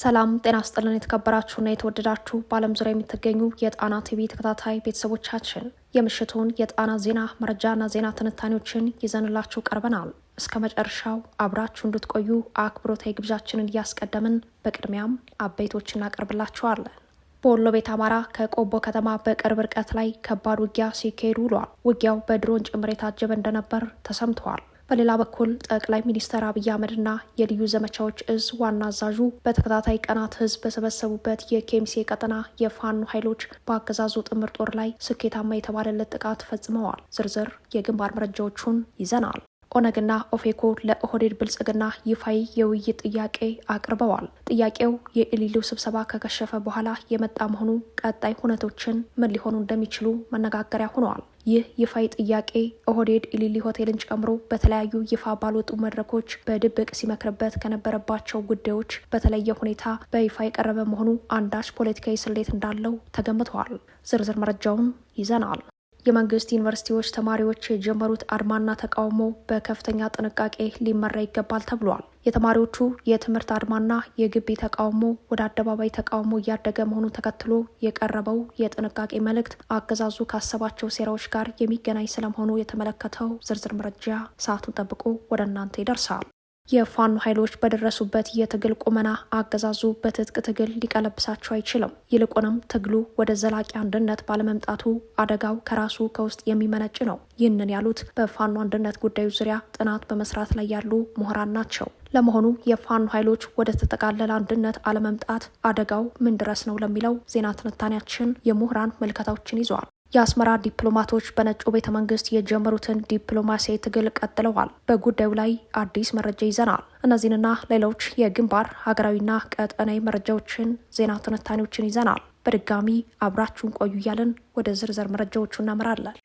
ሰላም ጤና ስጥልን። የተከበራችሁና የተወደዳችሁ በዓለም ዙሪያ የምትገኙ የጣና ቲቪ ተከታታይ ቤተሰቦቻችን የምሽቱን የጣና ዜና መረጃና ዜና ትንታኔዎችን ይዘንላችሁ ቀርበናል። እስከ መጨረሻው አብራችሁ እንድትቆዩ አክብሮታዊ ግብዣችንን እያስቀደምን በቅድሚያም አበይቶች እናቀርብላችኋለን። በወሎ ቤት አማራ ከቆቦ ከተማ በቅርብ ርቀት ላይ ከባድ ውጊያ ሲካሄዱ ውሏል። ውጊያው በድሮን ጭምር የታጀበ እንደነበር ተሰምተዋል። በሌላ በኩል ጠቅላይ ሚኒስትር አብይ አህመድና የልዩ ዘመቻዎች እዝ ዋና አዛዡ በተከታታይ ቀናት ህዝብ በሰበሰቡበት የኬሚሴ ቀጠና የፋኖ ኃይሎች በአገዛዙ ጥምር ጦር ላይ ስኬታማ የተባለለት ጥቃት ፈጽመዋል። ዝርዝር የግንባር መረጃዎቹን ይዘናል። ኦነግና ኦፌኮ ለኦህዴድ ብልጽግና ይፋይ የውይይት ጥያቄ አቅርበዋል። ጥያቄው የኢሊሉ ስብሰባ ከከሸፈ በኋላ የመጣ መሆኑ ቀጣይ ሁነቶችን ምን ሊሆኑ እንደሚችሉ መነጋገሪያ ሆነዋል። ይህ ይፋይ ጥያቄ ኦህዴድ ኢሊሊ ሆቴልን ጨምሮ በተለያዩ ይፋ ባልወጡ መድረኮች በድብቅ ሲመክርበት ከነበረባቸው ጉዳዮች በተለየ ሁኔታ በይፋ የቀረበ መሆኑ አንዳች ፖለቲካዊ ስሌት እንዳለው ተገምተዋል። ዝርዝር መረጃውን ይዘናል። የመንግስት ዩኒቨርሲቲዎች ተማሪዎች የጀመሩት አድማና ተቃውሞ በከፍተኛ ጥንቃቄ ሊመራ ይገባል ተብሏል። የተማሪዎቹ የትምህርት አድማና የግቢ ተቃውሞ ወደ አደባባይ ተቃውሞ እያደገ መሆኑን ተከትሎ የቀረበው የጥንቃቄ መልእክት አገዛዙ ካሰባቸው ሴራዎች ጋር የሚገናኝ ስለመሆኑ የተመለከተው ዝርዝር መረጃ ሰዓቱን ጠብቆ ወደ እናንተ ይደርሳል። የፋኖ ኃይሎች በደረሱበት የትግል ቁመና አገዛዙ በትጥቅ ትግል ሊቀለብሳቸው አይችልም። ይልቁንም ትግሉ ወደ ዘላቂ አንድነት ባለመምጣቱ አደጋው ከራሱ ከውስጥ የሚመነጭ ነው። ይህንን ያሉት በፋኖ አንድነት ጉዳዩ ዙሪያ ጥናት በመስራት ላይ ያሉ ምሁራን ናቸው። ለመሆኑ የፋኖ ኃይሎች ወደ ተጠቃለለ አንድነት አለመምጣት አደጋው ምን ድረስ ነው ለሚለው ዜና ትንታኔያችን የምሁራን ምልከታዎችን ይዘዋል። የአስመራ ዲፕሎማቶች በነጩ ቤተ መንግስት የጀመሩትን ዲፕሎማሲያዊ ትግል ቀጥለዋል። በጉዳዩ ላይ አዲስ መረጃ ይዘናል። እነዚህንና ሌሎች የግንባር ሀገራዊና ቀጠናዊ መረጃዎችን፣ ዜና ትንታኔዎችን ይዘናል። በድጋሚ አብራችሁን ቆዩ እያለን ወደ ዝርዝር መረጃዎቹ እናምራለን።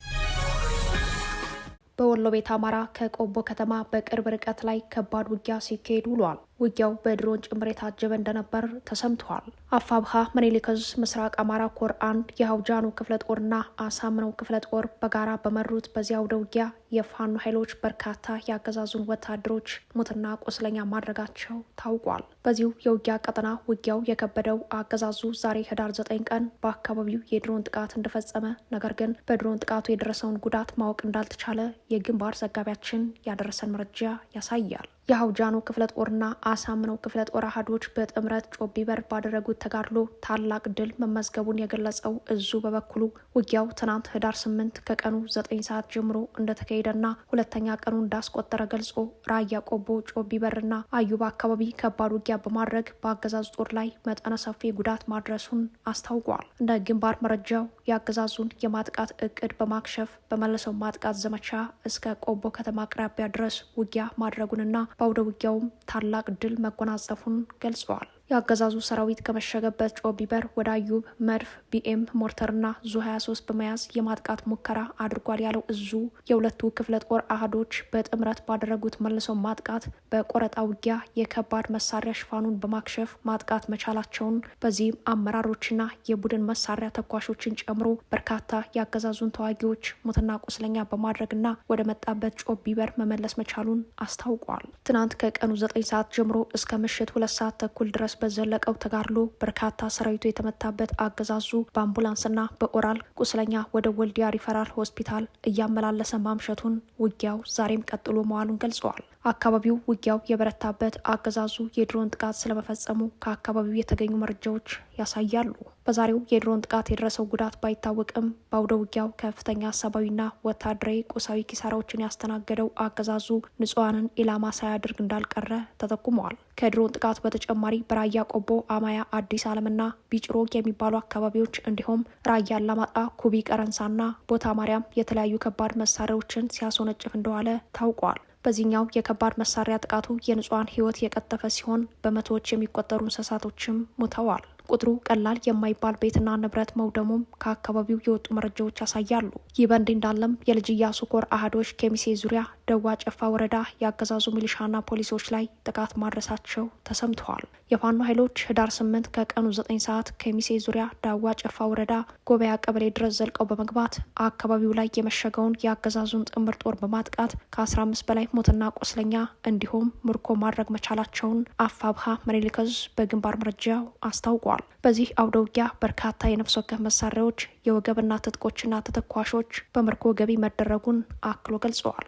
በወሎ ቤት አማራ ከቆቦ ከተማ በቅርብ ርቀት ላይ ከባድ ውጊያ ሲካሄድ ውሏል። ውጊያው በድሮን ጭምር የታጀበ እንደነበር ተሰምተዋል። አፋብሃ መኔሊከዝ ምስራቅ አማራ ኮር አንድ የሀውጃኑ ክፍለ ጦርና አሳምነው ክፍለ ጦር በጋራ በመሩት በዚያ አውደ ውጊያ የፋኖ ኃይሎች በርካታ የአገዛዙን ወታደሮች ሙትና ቁስለኛ ማድረጋቸው ታውቋል። በዚሁ የውጊያ ቀጠና ውጊያው የከበደው አገዛዙ ዛሬ ህዳር ዘጠኝ ቀን በአካባቢው የድሮን ጥቃት እንደፈጸመ ነገር ግን በድሮን ጥቃቱ የደረሰውን ጉዳት ማወቅ እንዳልተቻለ የግንባር ዘጋቢያችን ያደረሰን መረጃ ያሳያል። የአውጃኖ ክፍለ ጦርና አሳምነው ክፍለ ጦር አህዶች በጥምረት ጮቢ በር ባደረጉት ተጋድሎ ታላቅ ድል መመዝገቡን የገለጸው እዙ በበኩሉ ውጊያው ትናንት ህዳር ስምንት ከቀኑ ዘጠኝ ሰዓት ጀምሮ እንደተካሄደና ሁለተኛ ቀኑ እንዳስቆጠረ ገልጾ ራያ ቆቦ ጮቢ በርና አዩባ አካባቢ ከባድ ውጊያ በማድረግ በአገዛዝ ጦር ላይ መጠነ ሰፊ ጉዳት ማድረሱን አስታውቋል። እንደ ግንባር መረጃው የአገዛዙን የማጥቃት እቅድ በማክሸፍ በመለሰው ማጥቃት ዘመቻ እስከ ቆቦ ከተማ አቅራቢያ ድረስ ውጊያ ማድረጉንና በአውደ ውጊያውም ታላቅ ድል መጎናጸፉን ገልጸዋል። የአገዛዙ ሰራዊት ከመሸገበት ጮቢበር ወደ አዩብ መድፍ፣ ቢኤም ሞርተርና ዙ 23 በመያዝ የማጥቃት ሙከራ አድርጓል ያለው እዙ የሁለቱ ክፍለ ጦር አህዶች በጥምረት ባደረጉት መልሶ ማጥቃት በቆረጣ ውጊያ የከባድ መሳሪያ ሽፋኑን በማክሸፍ ማጥቃት መቻላቸውን በዚህም አመራሮችና የቡድን መሳሪያ ተኳሾችን ጨምሮ በርካታ የአገዛዙን ተዋጊዎች ሙትና ቁስለኛ በማድረግና ወደ መጣበት ጮቢበር መመለስ መቻሉን አስታውቋል። ትናንት ከቀኑ 9 ሰዓት ጀምሮ እስከ ምሽት ሁለት ሰዓት ተኩል ድረስ በዘለቀው ተጋድሎ በርካታ ሰራዊቱ የተመታበት አገዛዙ በአምቡላንስና በኦራል ቁስለኛ ወደ ወልዲያ ሪፈራል ሆስፒታል እያመላለሰ ማምሸቱን ውጊያው ዛሬም ቀጥሎ መዋሉን ገልጸዋል። አካባቢው ውጊያው የበረታበት አገዛዙ የድሮን ጥቃት ስለመፈጸሙ ከአካባቢው የተገኙ መረጃዎች ያሳያሉ። በዛሬው የድሮን ጥቃት የደረሰው ጉዳት ባይታወቅም በአውደ ውጊያው ከፍተኛ ሰብአዊና ወታደራዊ ቁሳዊ ኪሳራዎችን ያስተናገደው አገዛዙ ንጹሐንን ኢላማ ሳያደርግ እንዳልቀረ ተጠቁመዋል። ከድሮን ጥቃት በተጨማሪ በራያ ቆቦ፣ አማያ፣ አዲስ ዓለምና ቢጭሮ የሚባሉ አካባቢዎች እንዲሁም ራያ አላማጣ፣ ኩቢ፣ ቀረንሳና ቦታ ማርያም የተለያዩ ከባድ መሳሪያዎችን ሲያስወነጭፍ እንደዋለ ታውቋል። በዚህኛው የከባድ መሳሪያ ጥቃቱ የንጹሐን ህይወት የቀጠፈ ሲሆን በመቶዎች የሚቆጠሩ እንስሳቶችም ሙተዋል። ቁጥሩ ቀላል የማይባል ቤትና ንብረት መውደሙም ከአካባቢው የወጡ መረጃዎች ያሳያሉ። ይህ በእንዲህ እንዳለም የልጅያ ሱኮር አህዶች ኬሚሴ ዙሪያ ደዋ ጨፋ ወረዳ የአገዛዙ ሚሊሻና ፖሊሶች ላይ ጥቃት ማድረሳቸው ተሰምተዋል። የፋኖ ኃይሎች ህዳር ስምንት ከቀኑ ዘጠኝ ሰዓት ከሚሴ ዙሪያ ዳዋ ጨፋ ወረዳ ጎበያ ቀበሌ ድረስ ዘልቀው በመግባት አካባቢው ላይ የመሸገውን የአገዛዙን ጥምር ጦር በማጥቃት ከ አምስት በላይ ሞትና ቆስለኛ እንዲሁም ምርኮ ማድረግ መቻላቸውን አፋብሃ መሬልከዝ በግንባር መረጃው አስታውቋል። በዚህ አውደውጊያ በርካታ የነፍስ ወከፍ መሳሪያዎች የወገብና ትጥቆችና ተተኳሾች በምርኮ ገቢ መደረጉን አክሎ ገልጸዋል።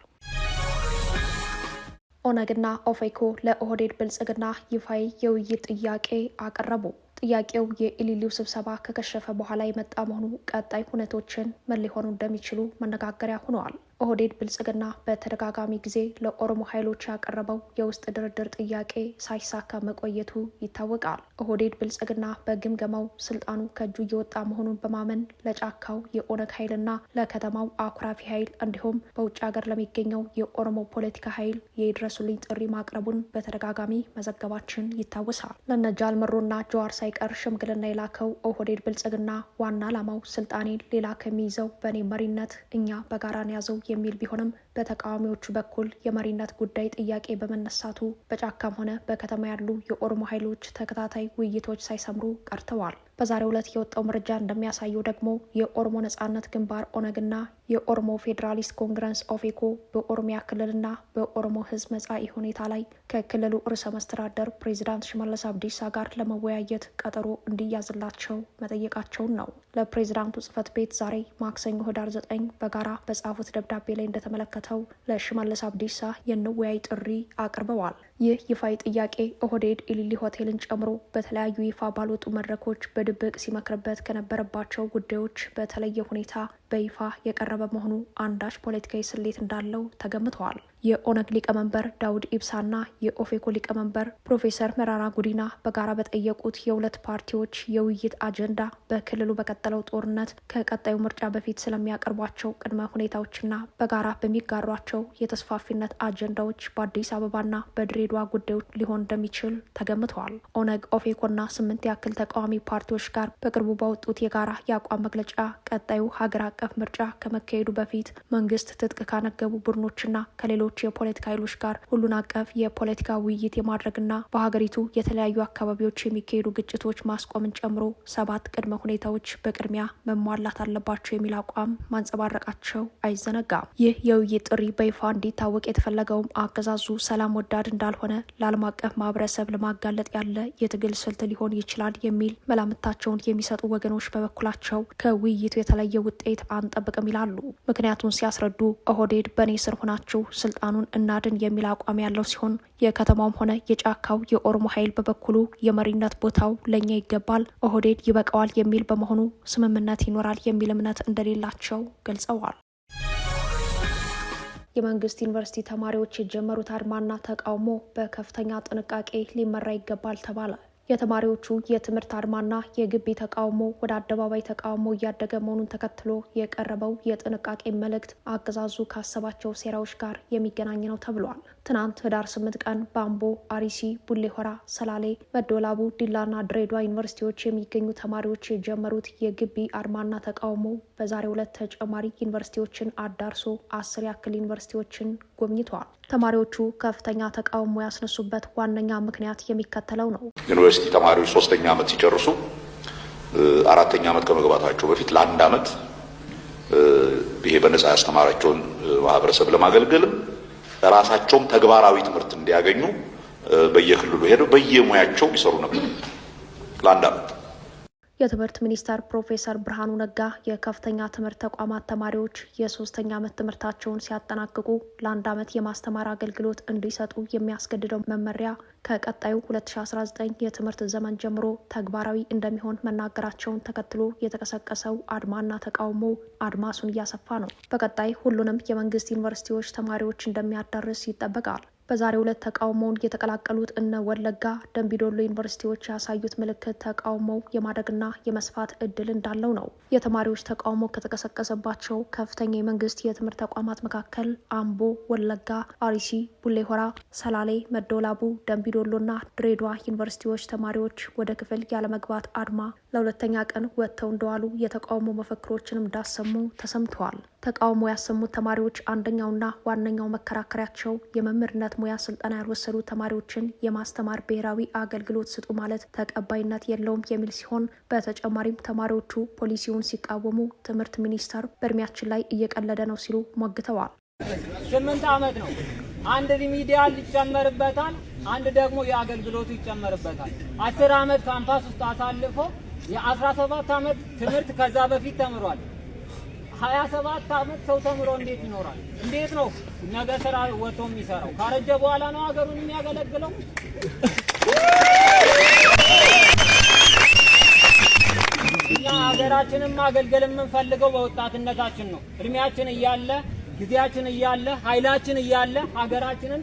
ኦነግና ኦፌኮ ለኦህዴድ ብልጽግና ይፋዊ የውይይት ጥያቄ አቀረቡ። ጥያቄው የኢሊሊው ስብሰባ ከከሸፈ በኋላ የመጣ መሆኑ ቀጣይ ሁነቶችን ምን ሊሆኑ እንደሚችሉ መነጋገሪያ ሆነዋል። ኦህዴድ ብልጽግና በተደጋጋሚ ጊዜ ለኦሮሞ ኃይሎች ያቀረበው የውስጥ ድርድር ጥያቄ ሳይሳካ መቆየቱ ይታወቃል። ኦህዴድ ብልጽግና በግምገማው ስልጣኑ ከእጁ እየወጣ መሆኑን በማመን ለጫካው የኦነግ ኃይልና ለከተማው አኩራፊ ኃይል እንዲሁም በውጭ ሀገር ለሚገኘው የኦሮሞ ፖለቲካ ኃይል የድረሱልኝ ጥሪ ማቅረቡን በተደጋጋሚ መዘገባችን ይታወሳል። ለነ ጃል ጀዋር ሳይቀር ሽምግልና የላከው ኦህዴድ ብልጽግና ዋና ዓላማው ስልጣኔን ሌላ ከሚይዘው በእኔ መሪነት እኛ በጋራን ያዘው የሚል ቢሆንም በተቃዋሚዎቹ በኩል የመሪነት ጉዳይ ጥያቄ በመነሳቱ በጫካም ሆነ በከተማ ያሉ የኦሮሞ ኃይሎች ተከታታይ ውይይቶች ሳይሰምሩ ቀርተዋል። በዛሬው ዕለት የወጣው መረጃ እንደሚያሳየው ደግሞ የኦሮሞ ነጻነት ግንባር ኦነግና የኦሮሞ ፌዴራሊስት ኮንግረስ ኦፌኮ በኦሮሚያ ክልልና በኦሮሞ ሕዝብ መጻኢ ሁኔታ ላይ ከክልሉ ርዕሰ መስተዳደር ፕሬዚዳንት ሽመለስ አብዲሳ ጋር ለመወያየት ቀጠሮ እንዲያዝላቸው መጠየቃቸውን ነው። ለፕሬዚዳንቱ ጽህፈት ቤት ዛሬ ማክሰኞ ህዳር ዘጠኝ በጋራ በጻፉት ደብዳቤ ላይ እንደተመለከተ አስመልክተው ለሽመለስ አብዲሳ የንወያይ ጥሪ አቅርበዋል። ይህ ይፋዊ ጥያቄ ኦህዴድ ኢሊሊ ሆቴልን ጨምሮ በተለያዩ ይፋ ባልወጡ መድረኮች በድብቅ ሲመክርበት ከነበረባቸው ጉዳዮች በተለየ ሁኔታ በይፋ የቀረበ መሆኑ አንዳች ፖለቲካዊ ስሌት እንዳለው ተገምተዋል። የኦነግ ሊቀመንበር ዳውድ ኢብሳና የኦፌኮ ሊቀመንበር ፕሮፌሰር መራራ ጉዲና በጋራ በጠየቁት የሁለት ፓርቲዎች የውይይት አጀንዳ በክልሉ በቀጠለው ጦርነት ከቀጣዩ ምርጫ በፊት ስለሚያቀርቧቸው ቅድመ ሁኔታዎችና በጋራ በሚጋሯቸው የተስፋፊነት አጀንዳዎች በአዲስ አበባና በድሬ ድሬዳዋ ጉዳዮች ሊሆን እንደሚችል ተገምተዋል። ኦነግ ኦፌኮና ስምንት ያክል ተቃዋሚ ፓርቲዎች ጋር በቅርቡ ባወጡት የጋራ የአቋም መግለጫ ቀጣዩ ሀገር አቀፍ ምርጫ ከመካሄዱ በፊት መንግስት ትጥቅ ካነገቡ ቡድኖችና ከሌሎች የፖለቲካ ኃይሎች ጋር ሁሉን አቀፍ የፖለቲካ ውይይት የማድረግና በሀገሪቱ የተለያዩ አካባቢዎች የሚካሄዱ ግጭቶች ማስቆምን ጨምሮ ሰባት ቅድመ ሁኔታዎች በቅድሚያ መሟላት አለባቸው የሚል አቋም ማንጸባረቃቸው አይዘነጋም። ይህ የውይይት ጥሪ በይፋ እንዲታወቅ የተፈለገውም አገዛዙ ሰላም ወዳድ እንዳልሆነ ሆነ ለዓለም አቀፍ ማህበረሰብ ለማጋለጥ ያለ የትግል ስልት ሊሆን ይችላል የሚል መላምታቸውን የሚሰጡ ወገኖች በበኩላቸው ከውይይቱ የተለየ ውጤት አንጠብቅም ይላሉ። ምክንያቱን ሲያስረዱ ኦህዴድ በእኔ ስር ሆናችሁ ስልጣኑን እናድን የሚል አቋም ያለው ሲሆን የከተማውም ሆነ የጫካው የኦሮሞ ኃይል በበኩሉ የመሪነት ቦታው ለእኛ ይገባል፣ ኦህዴድ ይበቃዋል የሚል በመሆኑ ስምምነት ይኖራል የሚል እምነት እንደሌላቸው ገልጸዋል። የመንግስት ዩኒቨርሲቲ ተማሪዎች የጀመሩት አድማና ተቃውሞ በከፍተኛ ጥንቃቄ ሊመራ ይገባል ተባለ። የተማሪዎቹ የትምህርት አድማና የግቢ ተቃውሞ ወደ አደባባይ ተቃውሞ እያደገ መሆኑን ተከትሎ የቀረበው የጥንቃቄ መልእክት አገዛዙ ካሰባቸው ሴራዎች ጋር የሚገናኝ ነው ተብሏል። ትናንት ህዳር ስምንት ቀን ባምቦ፣ አሪሲ፣ ቡሌ ሆራ፣ ሰላሌ፣ መዶላቡ፣ ዲላና ድሬዳዋ ዩኒቨርሲቲዎች የሚገኙ ተማሪዎች የጀመሩት የግቢ አድማና ተቃውሞ በዛሬው ዕለት ተጨማሪ ዩኒቨርሲቲዎችን አዳርሶ አስር ያክል ዩኒቨርሲቲዎችን ጎብኝተዋል። ተማሪዎቹ ከፍተኛ ተቃውሞ ያስነሱበት ዋነኛ ምክንያት የሚከተለው ነው። ዩኒቨርሲቲ ተማሪዎች ሶስተኛ ዓመት ሲጨርሱ አራተኛ ዓመት ከመግባታቸው በፊት ለአንድ ዓመት ይሄ በነጻ ያስተማራቸውን ማህበረሰብ ለማገልገልም ራሳቸውም ተግባራዊ ትምህርት እንዲያገኙ በየክልሉ ሄደው በየሙያቸው ይሰሩ ነበር ለአንድ የትምህርት ሚኒስተር ፕሮፌሰር ብርሃኑ ነጋ የከፍተኛ ትምህርት ተቋማት ተማሪዎች የሶስተኛ ዓመት ትምህርታቸውን ሲያጠናቅቁ ለአንድ ዓመት የማስተማር አገልግሎት እንዲሰጡ የሚያስገድደው መመሪያ ከቀጣዩ 2019 የትምህርት ዘመን ጀምሮ ተግባራዊ እንደሚሆን መናገራቸውን ተከትሎ የተቀሰቀሰው አድማና ተቃውሞ አድማሱን እያሰፋ ነው። በቀጣይ ሁሉንም የመንግስት ዩኒቨርሲቲዎች ተማሪዎች እንደሚያዳርስ ይጠበቃል። በዛሬው ዕለት ተቃውሞውን የተቀላቀሉት እነ ወለጋ ደምቢዶሎ ዩኒቨርሲቲዎች ያሳዩት ምልክት ተቃውሞው የማደግና የመስፋት እድል እንዳለው ነው። የተማሪዎች ተቃውሞ ከተቀሰቀሰባቸው ከፍተኛ የመንግስት የትምህርት ተቋማት መካከል አምቦ፣ ወለጋ፣ አሪሲ፣ ቡሌሆራ፣ ሰላሌ፣ መደወላቡ፣ ደምቢዶሎና ድሬዷ ዩኒቨርሲቲዎች ተማሪዎች ወደ ክፍል ያለመግባት አድማ ለሁለተኛ ቀን ወጥተው እንደዋሉ የተቃውሞ መፈክሮችንም እንዳሰሙ ተሰምተዋል። ተቃውሞ ያሰሙት ተማሪዎች አንደኛውና ዋነኛው መከራከሪያቸው የመምህርነት ሙያ ስልጠና ያልወሰዱ ተማሪዎችን የማስተማር ብሔራዊ አገልግሎት ስጡ ማለት ተቀባይነት የለውም የሚል ሲሆን በተጨማሪም ተማሪዎቹ ፖሊሲውን ሲቃወሙ ትምህርት ሚኒስቴር በእድሜያችን ላይ እየቀለደ ነው ሲሉ ሞግተዋል። ስምንት ዓመት ነው። አንድ ሪሚዲያል ይጨመርበታል፣ አንድ ደግሞ የአገልግሎቱ ይጨመርበታል። አስር ዓመት ካምፓስ ውስጥ አሳልፎ የአስራ ሰባት ዓመት ትምህርት ከዛ በፊት ተምሯል። ሀያ ሰባት ሰው ተምሮ እንዴት ይኖራል? እንዴት ነው ነገ ስራ ወጥቶ የሚሰራው? ካረጀ በኋላ ነው ሀገሩን የሚያገለግለው። እኛ ሀገራችንን ማገልገል የምንፈልገው በወጣትነታችን ነው። እድሜያችን እያለ ጊዜያችን እያለ ኃይላችን እያለ ሀገራችንን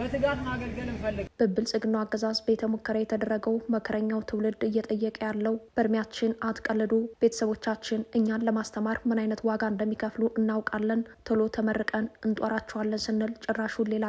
በትጋት ማገልገል እንፈልግ። በብልጽግና አገዛዝ ቤተ ሙከራ የተደረገው መከረኛው ትውልድ እየጠየቀ ያለው በእድሜያችን አትቀልዱ፣ ቤተሰቦቻችን እኛን ለማስተማር ምን አይነት ዋጋ እንደሚከፍሉ እናውቃለን፣ ቶሎ ተመርቀን እንጦራቸዋለን ስንል ጭራሹን ሌላ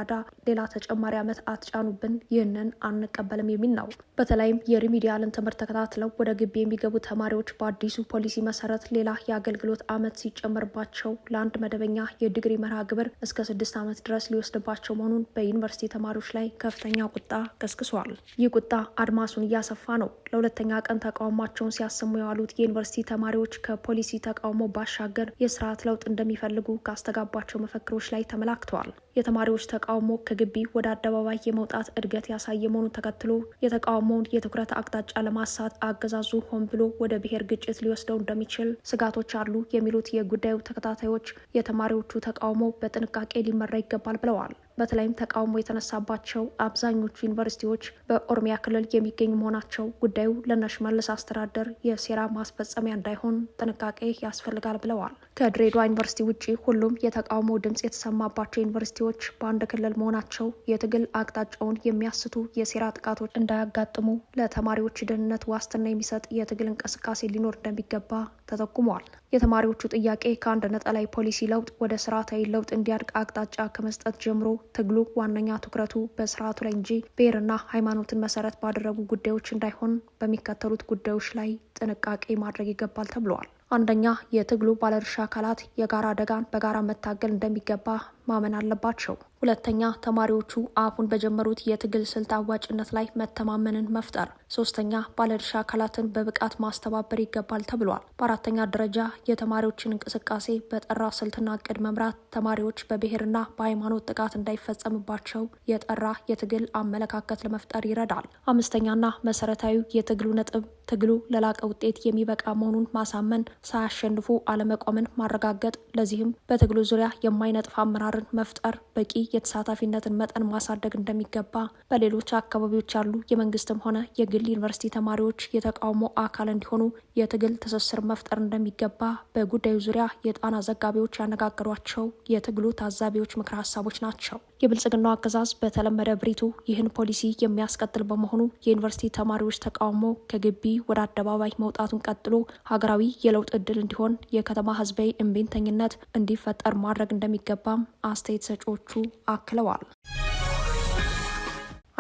ሌላ ተጨማሪ ዓመት አትጫኑብን፣ ይህንን አንቀበልም የሚል ነው። በተለይም የሪሚዲያልን ትምህርት ተከታትለው ወደ ግቢ የሚገቡ ተማሪዎች በአዲሱ ፖሊሲ መሰረት ሌላ የአገልግሎት ዓመት ሲጨመርባቸው ለአንድ መደበኛ የዲግሪ መርሃ ግብር እስከ ስድስት ዓመት ድረስ ሊወስድባቸው መሆኑን በዩኒቨርሲቲ ዩኒቨርሲቲ ተማሪዎች ላይ ከፍተኛ ቁጣ ቀስቅሷል። ይህ ቁጣ አድማሱን እያሰፋ ነው። ለሁለተኛ ቀን ተቃውሟቸውን ሲያሰሙ የዋሉት የዩኒቨርሲቲ ተማሪዎች ከፖሊሲ ተቃውሞ ባሻገር የስርዓት ለውጥ እንደሚፈልጉ ካስተጋቧቸው መፈክሮች ላይ ተመላክተዋል። የተማሪዎች ተቃውሞ ከግቢ ወደ አደባባይ የመውጣት እድገት ያሳየ መሆኑን ተከትሎ የተቃውሞውን የትኩረት አቅጣጫ ለማሳት አገዛዙ ሆን ብሎ ወደ ብሔር ግጭት ሊወስደው እንደሚችል ስጋቶች አሉ የሚሉት የጉዳዩ ተከታታዮች የተማሪዎቹ ተቃውሞ በጥንቃቄ ሊመራ ይገባል ብለዋል። በተለይም ተቃውሞ የተነሳባቸው አብዛኞቹ ዩኒቨርሲቲዎች በኦሮሚያ ክልል የሚገኙ መሆናቸው ጉዳዩ ለሽመልስ አስተዳደር የሴራ ማስፈጸሚያ እንዳይሆን ጥንቃቄ ያስፈልጋል ብለዋል። ከድሬዳዋ ዩኒቨርሲቲ ውጭ ሁሉም የተቃውሞ ድምጽ የተሰማባቸው ዩኒቨርሲቲ ዩኒቨርሲቲዎች በአንድ ክልል መሆናቸው የትግል አቅጣጫውን የሚያስቱ የሴራ ጥቃቶች እንዳያጋጥሙ ለተማሪዎች ደህንነት ዋስትና የሚሰጥ የትግል እንቅስቃሴ ሊኖር እንደሚገባ ተጠቁሟል። የተማሪዎቹ ጥያቄ ከአንድ ነጠላይ ፖሊሲ ለውጥ ወደ ስርዓታዊ ለውጥ እንዲያድግ አቅጣጫ ከመስጠት ጀምሮ ትግሉ ዋነኛ ትኩረቱ በስርዓቱ ላይ እንጂ ብሔርና ሃይማኖትን መሰረት ባደረጉ ጉዳዮች እንዳይሆን በሚከተሉት ጉዳዮች ላይ ጥንቃቄ ማድረግ ይገባል ተብለዋል። አንደኛ፣ የትግሉ ባለድርሻ አካላት የጋራ አደጋን በጋራ መታገል እንደሚገባ ማመን አለባቸው። ሁለተኛ ተማሪዎቹ አሁን በጀመሩት የትግል ስልት አዋጭነት ላይ መተማመንን መፍጠር። ሶስተኛ ባለድርሻ አካላትን በብቃት ማስተባበር ይገባል ተብሏል። በአራተኛ ደረጃ የተማሪዎችን እንቅስቃሴ በጠራ ስልትና እቅድ መምራት ተማሪዎች በብሔርና በሃይማኖት ጥቃት እንዳይፈጸምባቸው የጠራ የትግል አመለካከት ለመፍጠር ይረዳል። አምስተኛና መሰረታዊ የትግሉ ነጥብ ትግሉ ለላቀ ውጤት የሚበቃ መሆኑን ማሳመን፣ ሳያሸንፉ አለመቆምን ማረጋገጥ። ለዚህም በትግሉ ዙሪያ የማይነጥፍ አመራር ትብብርን መፍጠር፣ በቂ የተሳታፊነትን መጠን ማሳደግ እንደሚገባ በሌሎች አካባቢዎች ያሉ የመንግስትም ሆነ የግል ዩኒቨርሲቲ ተማሪዎች የተቃውሞ አካል እንዲሆኑ የትግል ትስስር መፍጠር እንደሚገባ በጉዳዩ ዙሪያ የጣና ዘጋቢዎች ያነጋገሯቸው የትግሉ ታዛቢዎች ምክረ ሀሳቦች ናቸው። የብልጽግናው አገዛዝ በተለመደ ብሪቱ ይህን ፖሊሲ የሚያስቀጥል በመሆኑ የዩኒቨርሲቲ ተማሪዎች ተቃውሞ ከግቢ ወደ አደባባይ መውጣቱን ቀጥሎ ሀገራዊ የለውጥ እድል እንዲሆን የከተማ ህዝባዊ እምቢተኝነት እንዲፈጠር ማድረግ እንደሚገባም አስተያየት ሰጪዎቹ አክለዋል።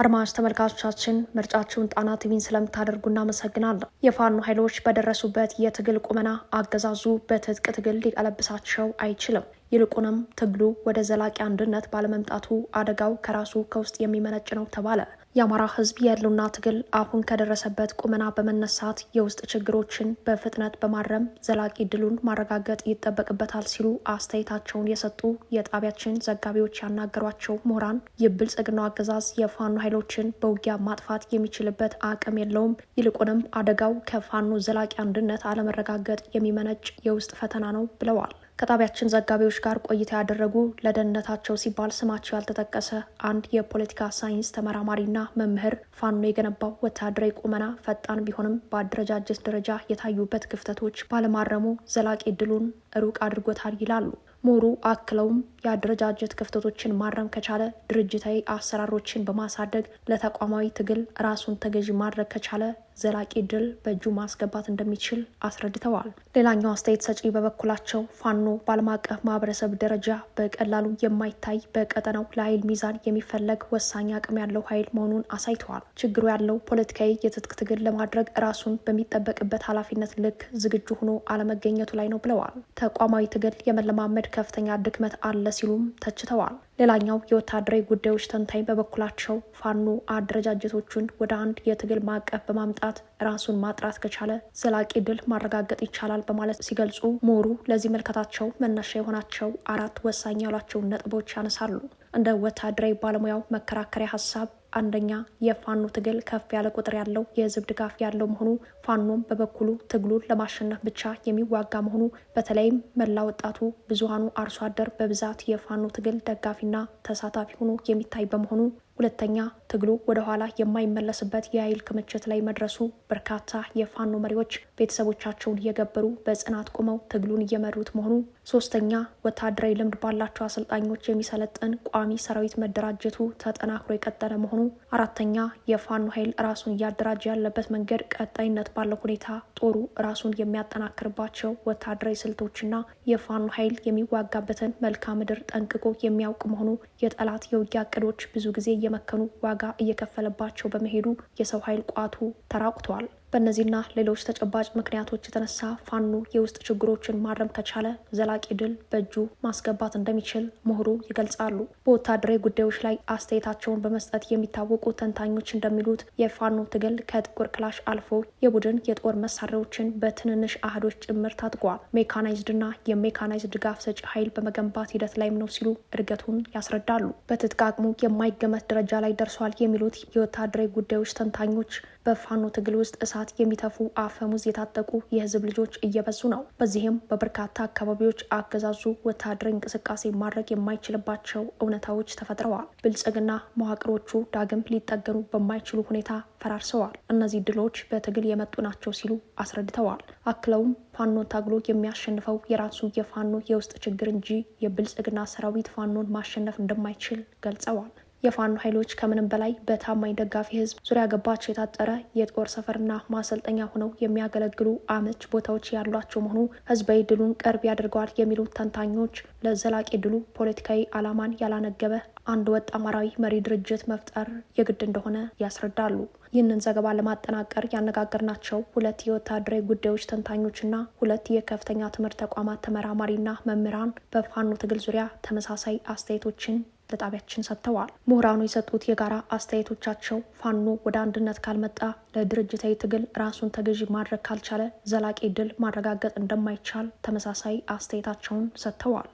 አድማጭ ተመልካቾቻችን ምርጫችሁን ጣና ቲቪን ስለምታደርጉ እናመሰግናለን። የፋኖ ኃይሎች በደረሱበት የትግል ቁመና አገዛዙ በትጥቅ ትግል ሊቀለብሳቸው አይችልም። ይልቁንም ትግሉ ወደ ዘላቂ አንድነት ባለመምጣቱ አደጋው ከራሱ ከውስጥ የሚመነጭ ነው ተባለ። የአማራ ህዝብ የህልውና ትግል አሁን ከደረሰበት ቁመና በመነሳት የውስጥ ችግሮችን በፍጥነት በማረም ዘላቂ ድሉን ማረጋገጥ ይጠበቅበታል ሲሉ አስተያየታቸውን የሰጡ የጣቢያችን ዘጋቢዎች ያናገሯቸው ምሁራን የብልጽግናው አገዛዝ የፋኖ ኃይሎችን በውጊያ ማጥፋት የሚችልበት አቅም የለውም፣ ይልቁንም አደጋው ከፋኖ ዘላቂ አንድነት አለመረጋገጥ የሚመነጭ የውስጥ ፈተና ነው ብለዋል። ከጣቢያችን ዘጋቢዎች ጋር ቆይታ ያደረጉ ለደህንነታቸው ሲባል ስማቸው ያልተጠቀሰ አንድ የፖለቲካ ሳይንስ ተመራማሪና መምህር ፋኖ የገነባው ወታደራዊ ቁመና ፈጣን ቢሆንም በአደረጃጀት ደረጃ የታዩበት ክፍተቶች ባለማረሙ ዘላቂ ድሉን ሩቅ አድርጎታል ይላሉ። ምሁሩ አክለውም የአደረጃጀት ክፍተቶችን ማረም ከቻለ ድርጅታዊ አሰራሮችን በማሳደግ ለተቋማዊ ትግል ራሱን ተገዢ ማድረግ ከቻለ ዘላቂ ድል በእጁ ማስገባት እንደሚችል አስረድተዋል። ሌላኛው አስተያየት ሰጪ በበኩላቸው ፋኖ በዓለም አቀፍ ማህበረሰብ ደረጃ በቀላሉ የማይታይ በቀጠናው ለኃይል ሚዛን የሚፈለግ ወሳኝ አቅም ያለው ኃይል መሆኑን አሳይተዋል። ችግሩ ያለው ፖለቲካዊ የትጥቅ ትግል ለማድረግ ራሱን በሚጠበቅበት ኃላፊነት ልክ ዝግጁ ሆኖ አለመገኘቱ ላይ ነው ብለዋል። ተቋማዊ ትግል የመለማመድ ከፍተኛ ድክመት አለ ሲሉም ተችተዋል። ሌላኛው የወታደራዊ ጉዳዮች ተንታኝ በበኩላቸው ፋኖ አደረጃጀቶቹን ወደ አንድ የትግል ማዕቀፍ በማምጣት ራሱን ማጥራት ከቻለ ዘላቂ ድል ማረጋገጥ ይቻላል በማለት ሲገልጹ ምሁሩ ለዚህ መልከታቸው መነሻ የሆናቸው አራት ወሳኝ ያሏቸውን ነጥቦች ያነሳሉ። እንደ ወታደራዊ ባለሙያው መከራከሪያ ሀሳብ አንደኛ የፋኖ ትግል ከፍ ያለ ቁጥር ያለው የህዝብ ድጋፍ ያለው መሆኑ፣ ፋኖም በበኩሉ ትግሉን ለማሸነፍ ብቻ የሚዋጋ መሆኑ፣ በተለይም መላ ወጣቱ ብዙሀኑ አርሶ አደር በብዛት የፋኖ ትግል ደጋፊና ተሳታፊ ሆኖ የሚታይ በመሆኑ ሁለተኛ ትግሉ ወደ ኋላ የማይመለስበት የኃይል ክምችት ላይ መድረሱ በርካታ የፋኖ መሪዎች ቤተሰቦቻቸውን እየገበሩ በጽናት ቆመው ትግሉን እየመሩት መሆኑ። ሶስተኛ ወታደራዊ ልምድ ባላቸው አሰልጣኞች የሚሰለጥን ቋሚ ሰራዊት መደራጀቱ ተጠናክሮ የቀጠለ መሆኑ። አራተኛ የፋኖ ኃይል ራሱን እያደራጀ ያለበት መንገድ ቀጣይነት ባለው ሁኔታ ጦሩ ራሱን የሚያጠናክርባቸው ወታደራዊ ስልቶችና የፋኖ ኃይል የሚዋጋበትን መልክዓ ምድር ጠንቅቆ የሚያውቅ መሆኑ የጠላት የውጊያ እቅዶች ብዙ ጊዜ እየመከኑ ዋጋ እየከፈለባቸው በመሄዱ የሰው ኃይል ቋቱ ተራቁቷል። በእነዚህና ሌሎች ተጨባጭ ምክንያቶች የተነሳ ፋኖ የውስጥ ችግሮችን ማረም ከቻለ ዘላቂ ድል በእጁ ማስገባት እንደሚችል ምሁሩ ይገልጻሉ። በወታደራዊ ጉዳዮች ላይ አስተያየታቸውን በመስጠት የሚታወቁ ተንታኞች እንደሚሉት የፋኖ ትግል ከጥቁር ክላሽ አልፎ የቡድን የጦር መሳሪያዎችን በትንንሽ አህዶች ጭምር ታጥቋል። ሜካናይዝድና የሜካናይዝድ ድጋፍ ሰጪ ኃይል በመገንባት ሂደት ላይም ነው ሲሉ እድገቱን ያስረዳሉ። በትጥቅ አቅሙ የማይገመት ደረጃ ላይ ደርሷል የሚሉት የወታደራዊ ጉዳዮች ተንታኞች በፋኖ ትግል ውስጥ እሳት የሚተፉ አፈሙዝ የታጠቁ የህዝብ ልጆች እየበዙ ነው። በዚህም በበርካታ አካባቢዎች አገዛዙ ወታደራዊ እንቅስቃሴ ማድረግ የማይችልባቸው እውነታዎች ተፈጥረዋል። ብልጽግና መዋቅሮቹ ዳግም ሊጠገኑ በማይችሉ ሁኔታ ፈራርሰዋል። እነዚህ ድሎች በትግል የመጡ ናቸው ሲሉ አስረድተዋል። አክለውም ፋኖን ታግሎ የሚያሸንፈው የራሱ የፋኖ የውስጥ ችግር እንጂ የብልጽግና ሰራዊት ፋኖን ማሸነፍ እንደማይችል ገልጸዋል። የፋኖ ኃይሎች ከምንም በላይ በታማኝ ደጋፊ ህዝብ ዙሪያ ገባቸው የታጠረ የጦር ሰፈርና ማሰልጠኛ ሆነው የሚያገለግሉ አመች ቦታዎች ያሏቸው መሆኑ ህዝባዊ ድሉን ቅርብ ያደርገዋል የሚሉት ተንታኞች ለዘላቂ ድሉ ፖለቲካዊ ዓላማን ያላነገበ አንድ ወጥ አማራዊ መሪ ድርጅት መፍጠር የግድ እንደሆነ ያስረዳሉ። ይህንን ዘገባ ለማጠናቀር ያነጋገርናቸው ሁለት የወታደራዊ ጉዳዮች ተንታኞችና ሁለት የከፍተኛ ትምህርት ተቋማት ተመራማሪና መምህራን በፋኖ ትግል ዙሪያ ተመሳሳይ አስተያየቶችን ለጣቢያችን ሰጥተዋል። ምሁራኑ የሰጡት የጋራ አስተያየቶቻቸው ፋኖ ወደ አንድነት ካልመጣ ለድርጅታዊ ትግል ራሱን ተገዢ ማድረግ ካልቻለ ዘላቂ ድል ማረጋገጥ እንደማይቻል ተመሳሳይ አስተያየታቸውን ሰጥተዋል።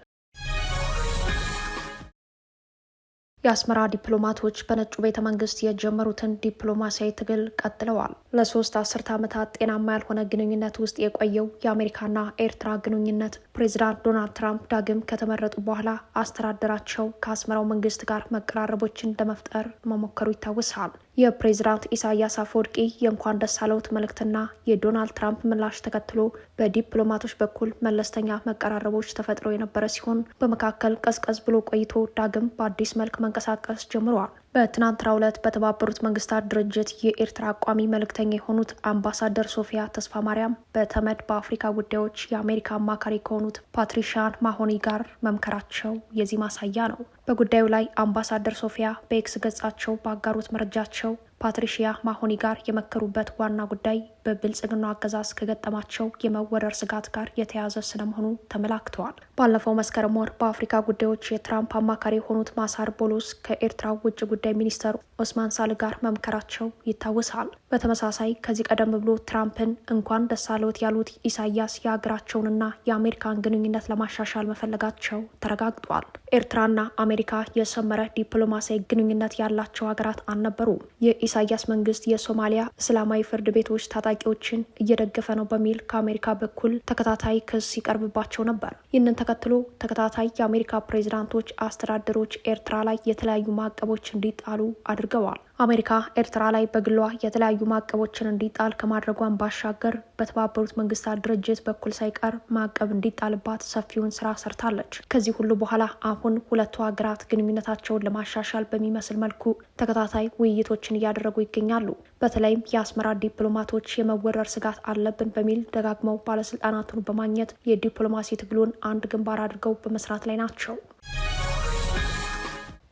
የአስመራ ዲፕሎማቶች በነጩ ቤተ መንግስት የጀመሩትን ዲፕሎማሲያዊ ትግል ቀጥለዋል። ለሶስት አስርተ ዓመታት ጤናማ ያልሆነ ግንኙነት ውስጥ የቆየው የአሜሪካና ኤርትራ ግንኙነት ፕሬዚዳንት ዶናልድ ትራምፕ ዳግም ከተመረጡ በኋላ አስተዳደራቸው ከአስመራው መንግስት ጋር መቀራረቦችን ለመፍጠር መሞከሩ ይታወሳል። የፕሬዝዳንት ኢሳያስ አፈወርቂ የእንኳን ደስ አለዎት መልእክትና የዶናልድ ትራምፕ ምላሽ ተከትሎ በዲፕሎማቶች በኩል መለስተኛ መቀራረቦች ተፈጥረው የነበረ ሲሆን በመካከል ቀዝቀዝ ብሎ ቆይቶ ዳግም በአዲስ መልክ መንቀሳቀስ ጀምረዋል። በትናንትናው ዕለት በተባበሩት መንግስታት ድርጅት የኤርትራ አቋሚ መልእክተኛ የሆኑት አምባሳደር ሶፊያ ተስፋ ማርያም በተመድ በአፍሪካ ጉዳዮች የአሜሪካ አማካሪ ከሆኑት ፓትሪሻን ማሆኒ ጋር መምከራቸው የዚህ ማሳያ ነው። በጉዳዩ ላይ አምባሳደር ሶፊያ በኤክስ ገጻቸው ባጋሩት መረጃቸው ፓትሪሺያ ማሆኒ ጋር የመከሩበት ዋና ጉዳይ በብልጽግና አገዛዝ ከገጠማቸው የመወረር ስጋት ጋር የተያዘ ስለመሆኑ ተመላክተዋል። ባለፈው መስከረም ወር በአፍሪካ ጉዳዮች የትራምፕ አማካሪ የሆኑት ማሳር ቦሎስ ከኤርትራ ውጭ ጉዳይ ሚኒስተር ኦስማን ሳል ጋር መምከራቸው ይታወሳል። በተመሳሳይ ከዚህ ቀደም ብሎ ትራምፕን እንኳን ደስ አለዎት ያሉት ኢሳያስ የሀገራቸውንና የአሜሪካን ግንኙነት ለማሻሻል መፈለጋቸው ተረጋግጧል። ኤርትራና አሜሪካ የሰመረ ዲፕሎማሲያዊ ግንኙነት ያላቸው ሀገራት አልነበሩም። የኢሳያስ መንግስት የሶማሊያ እስላማዊ ፍርድ ቤቶች ታጣቂዎችን እየደገፈ ነው በሚል ከአሜሪካ በኩል ተከታታይ ክስ ይቀርብባቸው ነበር። ይህንን ተከትሎ ተከታታይ የአሜሪካ ፕሬዚዳንቶች አስተዳደሮች ኤርትራ ላይ የተለያዩ ማዕቀቦች እንዲጣሉ አድርገዋል። አሜሪካ ኤርትራ ላይ በግሏ የተለያዩ ማዕቀቦችን እንዲጣል ከማድረጓን ባሻገር በተባበሩት መንግስታት ድርጅት በኩል ሳይቀር ማዕቀብ እንዲጣልባት ሰፊውን ስራ ሰርታለች። ከዚህ ሁሉ በኋላ አሁን ሁለቱ ሀገራት ግንኙነታቸውን ለማሻሻል በሚመስል መልኩ ተከታታይ ውይይቶችን እያደረጉ ይገኛሉ። በተለይም የአስመራ ዲፕሎማቶች የመወረር ስጋት አለብን በሚል ደጋግመው ባለስልጣናቱን በማግኘት የዲፕሎማሲ ትግሉን አንድ ግንባር አድርገው በመስራት ላይ ናቸው።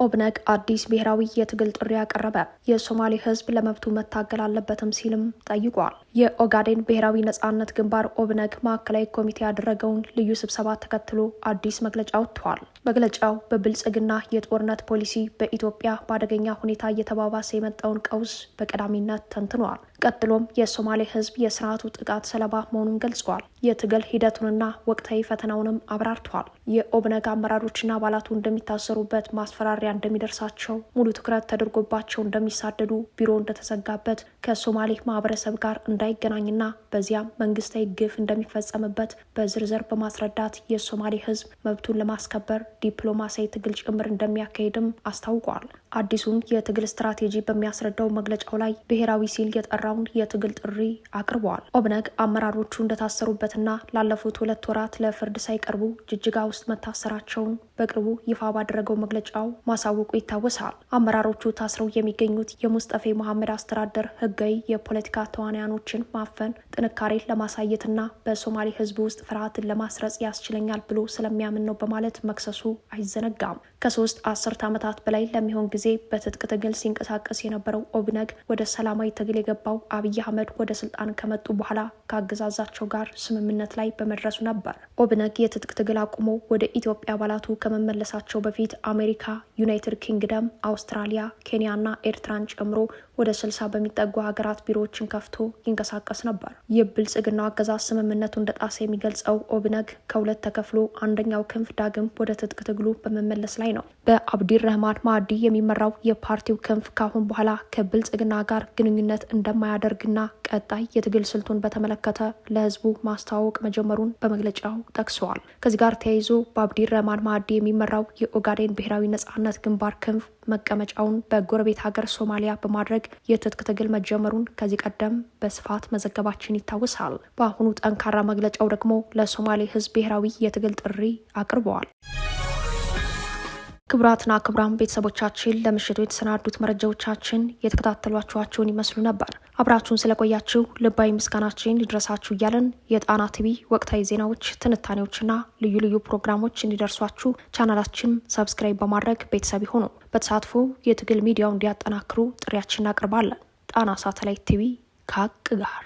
ኦብነግ አዲስ ብሔራዊ የትግል ጥሪ ያቀረበ የሶማሌ ሕዝብ ለመብቱ መታገል አለበትም ሲልም ጠይቋል። የኦጋዴን ብሔራዊ ነጻነት ግንባር ኦብነግ ማዕከላዊ ኮሚቴ ያደረገውን ልዩ ስብሰባ ተከትሎ አዲስ መግለጫ ወጥቷል። መግለጫው በብልጽግና የጦርነት ፖሊሲ በኢትዮጵያ በአደገኛ ሁኔታ እየተባባሰ የመጣውን ቀውስ በቀዳሚነት ተንትኗል። ቀጥሎም የሶማሌ ሕዝብ የስርዓቱ ጥቃት ሰለባ መሆኑን ገልጿል። የትግል ሂደቱንና ወቅታዊ ፈተናውንም አብራርቷል። የኦብነግ አመራሮችና አባላቱ እንደሚታሰሩበት፣ ማስፈራሪያ እንደሚደርሳቸው፣ ሙሉ ትኩረት ተደርጎባቸው እንደሚሳደዱ፣ ቢሮ እንደተዘጋበት፣ ከሶማሌ ማህበረሰብ ጋር እንዳይገናኝና በዚያም መንግስታዊ ግፍ እንደሚፈጸምበት በዝርዝር በማስረዳት የሶማሌ ሕዝብ መብቱን ለማስከበር ዲፕሎማሲያዊ ትግል ጭምር እንደሚያካሄድም አስታውቋል። አዲሱን የትግል ስትራቴጂ በሚያስረዳው መግለጫው ላይ ብሔራዊ ሲል የጠራውን የትግል ጥሪ አቅርበዋል። ኦብነግ አመራሮቹ እንደታሰሩበትና ላለፉት ሁለት ወራት ለፍርድ ሳይቀርቡ ጅጅጋ ውስጥ መታሰራቸውን በቅርቡ ይፋ ባደረገው መግለጫው ማሳወቁ ይታወሳል። አመራሮቹ ታስረው የሚገኙት የሙስጠፌ መሐመድ አስተዳደር ህጋዊ የፖለቲካ ተዋንያኖችን ማፈን ጥንካሬ ለማሳየትና በሶማሌ ህዝብ ውስጥ ፍርሃትን ለማስረጽ ያስችለኛል ብሎ ስለሚያምን ነው በማለት መክሰሱ አይዘነጋም። ከሶስት አስርት ዓመታት በላይ ለሚሆን ጊዜ በትጥቅ ትግል ሲንቀሳቀስ የነበረው ኦብነግ ወደ ሰላማዊ ትግል የገባው አብይ አህመድ ወደ ስልጣን ከመጡ በኋላ ከአገዛዛቸው ጋር ስምምነት ላይ በመድረሱ ነበር። ኦብነግ የትጥቅ ትግል አቁሞ ወደ ኢትዮጵያ አባላቱ ከመመለሳቸው በፊት አሜሪካ፣ ዩናይትድ ኪንግደም፣ አውስትራሊያ፣ ኬንያና ኤርትራን ጨምሮ ወደ ስልሳ በሚጠጉ ሀገራት ቢሮዎችን ከፍቶ ይንቀሳቀስ ነበር። የብልጽግናው አገዛዝ ስምምነቱ ጣሰ የሚገልጸው ኦብነግ ከሁለት ተከፍሎ አንደኛው ክንፍ ዳግም ወደ ትጥቅ ትግሉ በመመለስ ላይ ነው። በአብዲረህማን ማዕዲ የሚመራው የፓርቲው ክንፍ ካሁን በኋላ ከብልጽግና ጋር ግንኙነት እንደማያደርግና ቀጣይ የትግል ስልቱን በተመለከተ ለህዝቡ ማስተዋወቅ መጀመሩን በመግለጫው ጠቅሰዋል። ከዚህ ጋር ተያይዞ በአብዲረህማን ማዕዲ የሚመራው የኦጋዴን ብሔራዊ ነጻነት ግንባር ክንፍ መቀመጫውን በጎረቤት ሀገር ሶማሊያ በማድረግ የትጥቅ ትግል መጀመሩን ከዚህ ቀደም በስፋት መዘገባችን ይታወሳል። በአሁኑ ጠንካራ መግለጫው ደግሞ ለሶማሌ ሕዝብ ብሔራዊ የትግል ጥሪ አቅርበዋል። ክቡራትና ክቡራን ቤተሰቦቻችን ለምሽቱ የተሰናዱት መረጃዎቻችን የተከታተሏችኋቸውን ይመስሉ ነበር። አብራችሁን ስለቆያችሁ ልባዊ ምስጋናችን ይድረሳችሁ እያለን የጣና ቲቪ ወቅታዊ ዜናዎች፣ ትንታኔዎችና ልዩ ልዩ ፕሮግራሞች እንዲደርሷችሁ ቻናላችን ሰብስክራይብ በማድረግ ቤተሰብ ይሁኑ። በተሳትፎ የትግል ሚዲያውን እንዲያጠናክሩ ጥሪያችን እናቀርባለን። ጣና ሳተላይት ቲቪ ከሀቅ ጋር